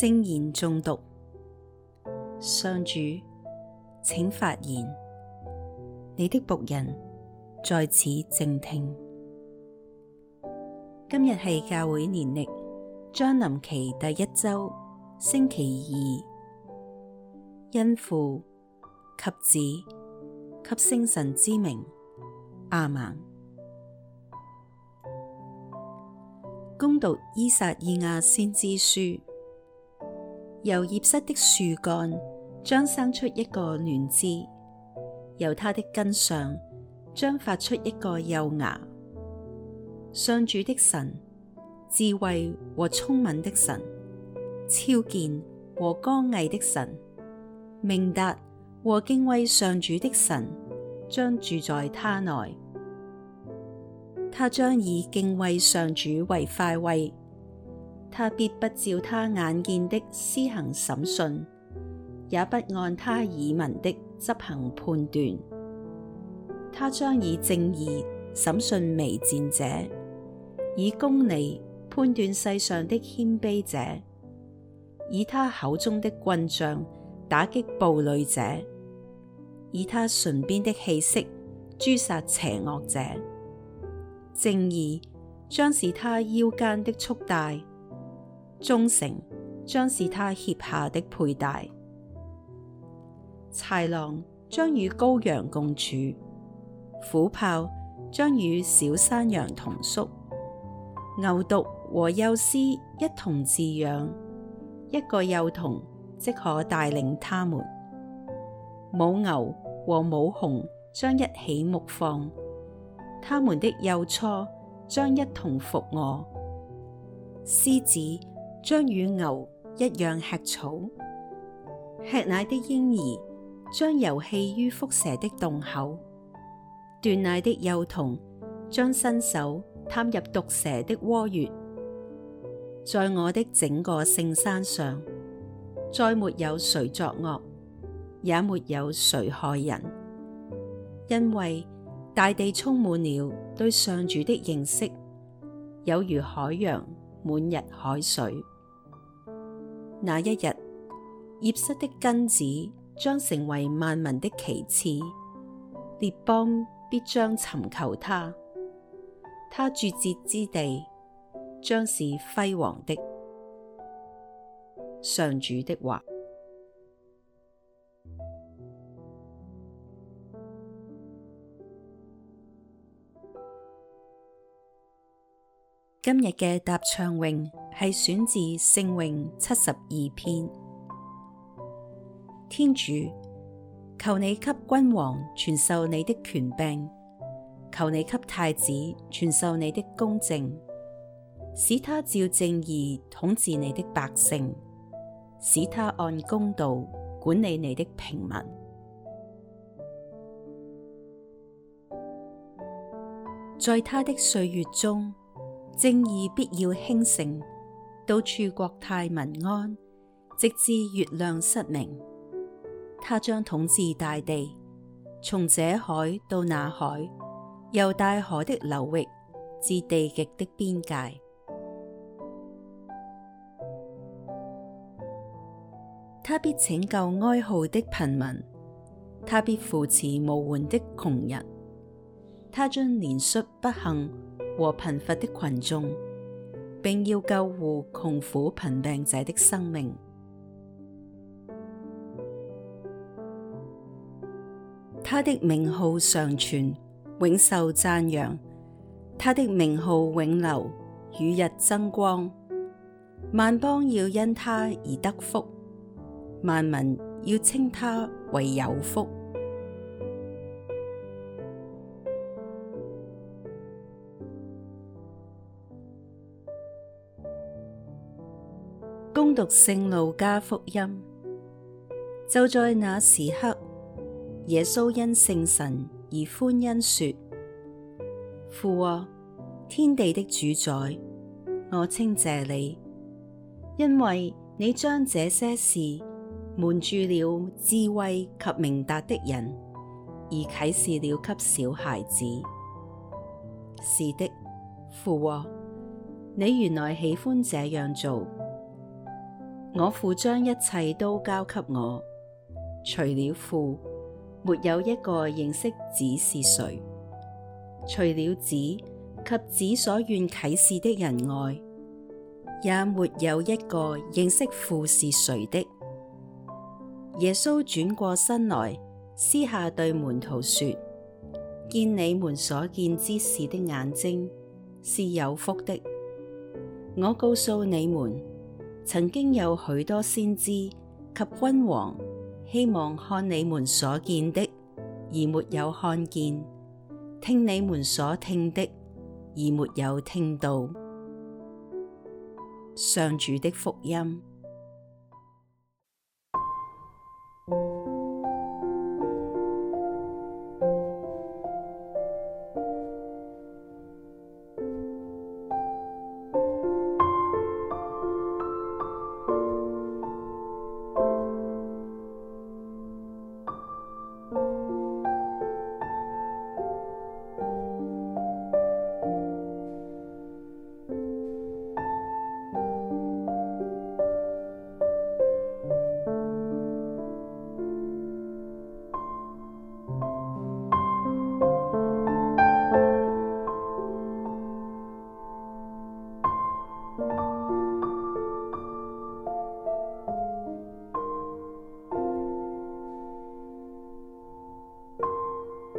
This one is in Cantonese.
聖言誦讀，上主，請發言，你的僕人在此靜聽。今日係教會年曆將臨期第一周星期二，因父及子及聖神之名，阿門。恭讀《依撒意亞先知書》。由葉瑟的樹幹將生出一個嫩枝，由它的根上將發出一個幼芽。上主的神，智慧和聰敏的神，超見和剛毅的神，明達和敬畏上主的神，將住在他內。他將以敬畏上主為快慰。他必不照他眼見的施行審訊，也不按他耳聞的執行判斷。他將以正義審訊微賤者，以公理判斷世上的謙卑者，以他口中的棍杖打擊暴戾者，以他唇邊的氣息誅殺邪惡者。正義將是他腰間的束帶。忠誠將是他脅下的佩帶。豺狼將與羔羊共處，虎豹將與小山羊同宿，牛犢和幼獅一同飼養，一個幼童即可帶領他們。母牛和母熊將一起牧放，他們的幼雛將一同伏臥，獅子。將與牛一樣吃草，吃奶的嬰兒將遊戲於蝮蛇的洞口，斷奶的幼童將伸手探入毒蛇的窩穴。在我的整個聖山上，再沒有誰作惡，也沒有誰害人，因為大地充滿了對上主的認識，有如海洋滿溢海水。那一日，葉瑟的根子將成為萬民的旗幟。列邦必將尋求他，他駐節之地將是輝煌的。上主的話。今日嘅答唱詠。」係選自聖詠七十二篇。天主，求你給君王傳授你的權柄，求你給太子傳授你的公正，使他照正義統治你的百姓，使他按公道管理你的平民。在他的歲月中，正義必要興盛。到處國泰民安，直至月亮失明。他將統治大地，從這海到那海，由大河的流域至地極的邊界。他必拯救哀號的貧民，他必扶持無援的窮人。他將憐恤不幸和貧乏的群眾。並要救護窮苦貧病者的生命，他的名號常存，永受讚揚；他的名號永留，與日爭光。萬邦要因他而得福，萬民要稱他為有福。讀聖路加福音，就在那時刻，耶穌因聖神而歡欣，說：父啊，天地的主宰，我稱謝你，因為你將這些事瞞住了智慧及明達的人，而啟示了給小孩子。是的，父啊，你原來喜歡這樣做。我父將一切都交給我，除了父，沒有一個認識子是誰；除了子及子所願啓示的人外，也沒有一個認識父是誰的。耶穌轉過身來，私下對門徒說：見你們所見之事的眼睛是有福的。我告訴你們。曾經有許多先知及君王，希望看你們所見的，而沒有看見；聽你們所聽的，而沒有聽到。上主的福音。